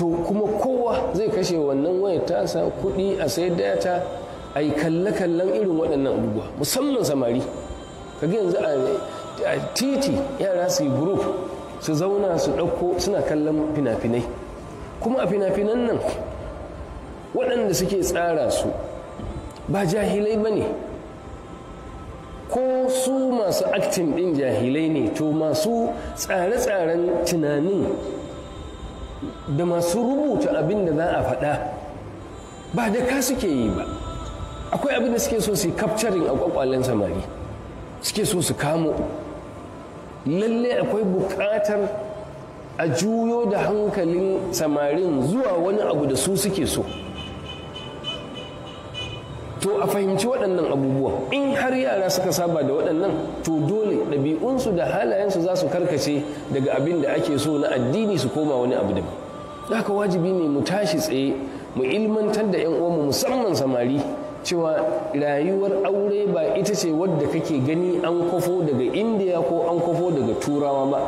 to kuma kowa zai kashe wannan wayar tasa kuɗi a sayar data a yi kalle-kallen irin waɗannan abubuwa musamman samari ka kaga yanzu a titi yara su yi group su zauna su ɗauko suna kallon fina-finai kuma a fina-finan nan waɗanda suke tsara su ba jahilai ba ne ko su masu aktin ɗin jahilai ne to masu tsare-tsaren tunanin da masu rubuta abin da za a faɗa ba da ka suke yi ba akwai abin da suke so su yi kafcarin a kwakwalen samari suke so su kamo lalle akwai buƙatar a juyo da hankalin samarin zuwa wani abu da su suke so to a fahimci waɗannan abubuwan in har yara suka saba da waɗannan to dole ɗabi'unsu da halayensu za su karkace daga abin da ake so na addini su koma wani abu da haka wajibi ne mu tashi tsaye mu ilmantar da 'yan uwanmu musamman samari cewa rayuwar aure ba ita ce wadda kake gani an kwafo daga indiya ko an kwafo daga turawa ba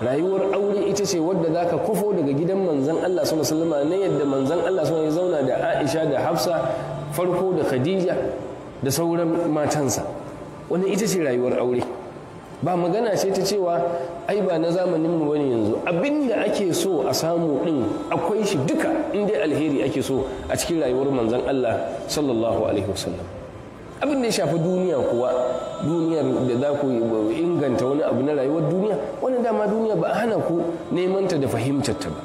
rayuwar aure ita ce wadda za ka kwafo daga gidan manzan Allah sallallahu alaihi na yadda manzan Allah sallallahu ya zauna da Aisha da Hafsa farko da khadija da sauran matansa wannan ita ce rayuwar aure ba magana ce ta cewa ai ba na zamanin mu bane yanzu abinda ake so a samu din akwai shi duka in alheri ake so a cikin rayuwar manzon Allah sallallahu alaihi wasallam abin da ya shafi duniya kuwa duniyar da za ku inganta wani abu na rayuwar duniya wani dama duniya ba a hana ku neman ta da fahimtar ta ba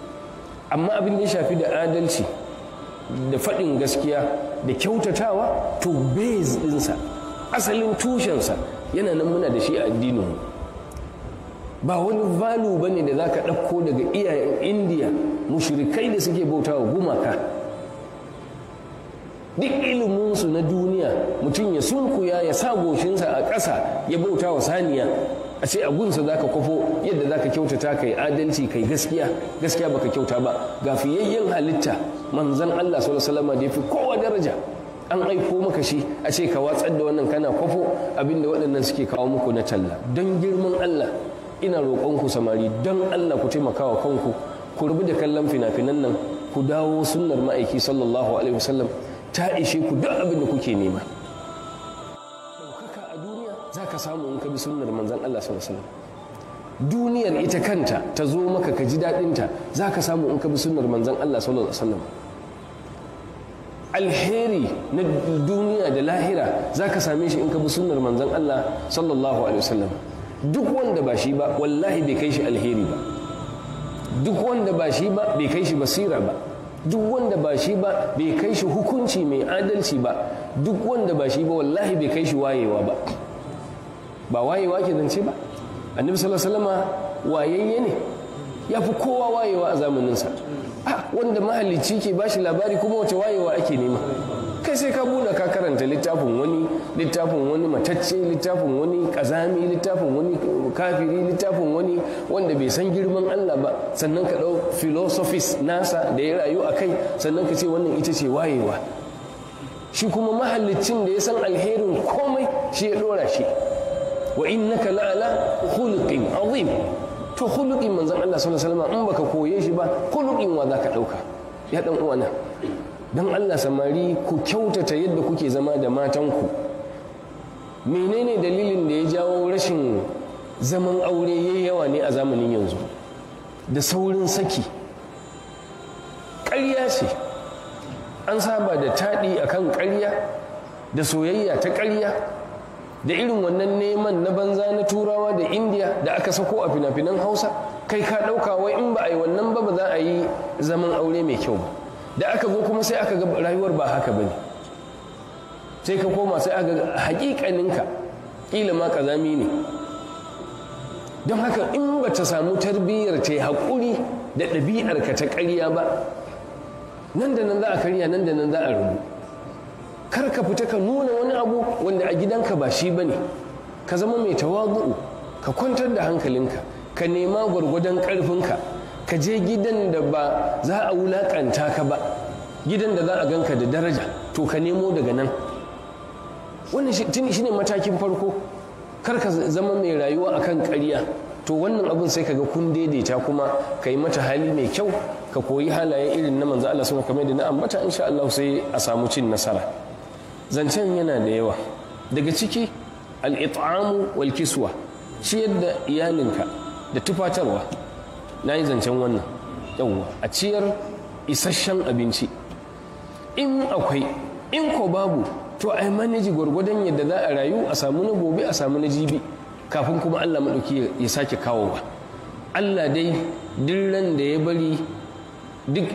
amma abin da ya shafi da adalci da faɗin gaskiya da kyautatawa to base ɗinsa asalin tushensa yana nan muna da shi a addininmu ba wani valu ba ne da za ka ɗauko daga iyayen indiya mushrikai da suke bauta wa gumaka duk iliminsu na duniya mutum ya sulkuya ya sa goshinsa a ƙasa ya bauta wa saniya a ce a gunsa za ka kwafo yadda za ka kyautata ka yi adalci kai yi gaskiya gaskiya baka kyauta ba ga fiyayyen halitta manzan Allah sallallahu alaihi da ya fi kowa daraja an aiko maka shi a ce ka watsar da wannan kana kwafo abinda waɗannan suke kawo muku na talla don girman Allah ina roƙonku samari don Allah ku taimaka wa kanku ku rubu da kallon fina-finan nan ku dawo sunnar ma'aiki sallallahu alaihi wasallam ta ishe ku duk abin da kuke nema za ka samu in ka bi sunnar manzan Allah sallallahu alaihi wasallam duniyar ita kanta ta zo maka ka ji dadinta za ka samu in ka bi sunnar manzan Allah sallallahu alaihi wasallam alheri na duniya da lahira za ka same shi in ka bi sunnar manzan Allah sallallahu alaihi wasallam duk wanda ba shi ba wallahi bai kai shi alheri ba duk wanda ba shi ba bai kai shi basira ba duk wanda ba shi ba bai kai shi hukunci mai adalci ba duk wanda ba shi ba wallahi bai kai shi wayewa ba ba wayewa ke zance ba annabi sallallahu alaihi wasallama wayayye ne ya fi kowa wayewa a zamaninsa wanda mahallici ke bashi labari kuma wace wayewa ake nema kai sai ka buɗe ka karanta littafin wani littafin wani matacce littafin wani kazami littafin wani kafiri littafin wani wanda bai san girman Allah ba sannan ka ɗau philosophies nasa da ya rayu a kai sannan ka ce wannan ita ce wayewa shi kuma mahallicin da ya san alherin komai shi ya ɗora shi wa innaka la'ala khuluqin azim to khuluqin manzon Allah sallallahu alaihi wasallam in baka koye shi ba khuluqin wa zaka dauka ya dan uwana dan Allah samari ku kyautata yadda kuke zama da matanku menene dalilin da ya jawo rashin zaman aure yayi yawa ne a zamanin yanzu da saurin saki ƙarya ce an saba da taɗi akan ƙarya da soyayya ta ƙarya da irin wannan neman na banza na turawa da indiya da aka sako a fina-finan hausa kai ka ɗauka wai in ba a yi wannan ba ba za a yi zaman aure mai kyau ba da aka zo kuma sai aka ga rayuwar ba haka ba ne sai ka koma sai aka ga hakikaninka ƙila ma ƙazami ne don haka in ba ta samu tarbiyyar ta yi haƙuri da ɗabi'arka ta ƙarya ba nan da nan za a karya nan da nan za a rubu kar ka fita ka nuna wani abu wanda a gidanka ba shi bane ka zama mai tawagu'u ka kwantar da hankalinka ka nema gwargwadon karfinka ka je gidan da ba za a wulaƙanta ka ba gidan da za a ganka da daraja to ka nemo daga nan wannan shi ne matakin farko kar ka zama mai rayuwa akan ƙarya to wannan abin sai kaga kun daidaita kuma ka yi mata hali mai kyau ka koyi halaye irin na manzo Allah sun kamar da na ambata insha Allah sai a samu cin nasara zancen yana da yawa daga ciki al'it'amu wal kiswa ciyar da iyalinka da tufatarwa na yi zancen wannan yawwa a ciyar isasshen abinci in akwai in ko babu to ai maniji gwargwadon yadda za a rayu a samu na gobe a samu na jibi kafin kuma Allah maɗauki ya sake kawo ba Allah dai duk ran da ya bari duk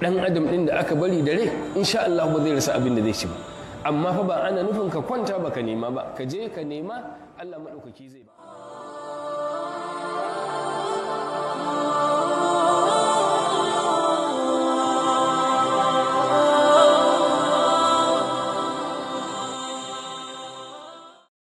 ɗan adam ɗin da aka bari da rai insha Allah ba zai rasa abin da zai ci ba amma fa ba ana nufin ka kwanta ka nema ba ka je ka nema Allah maɗaukaki zai ba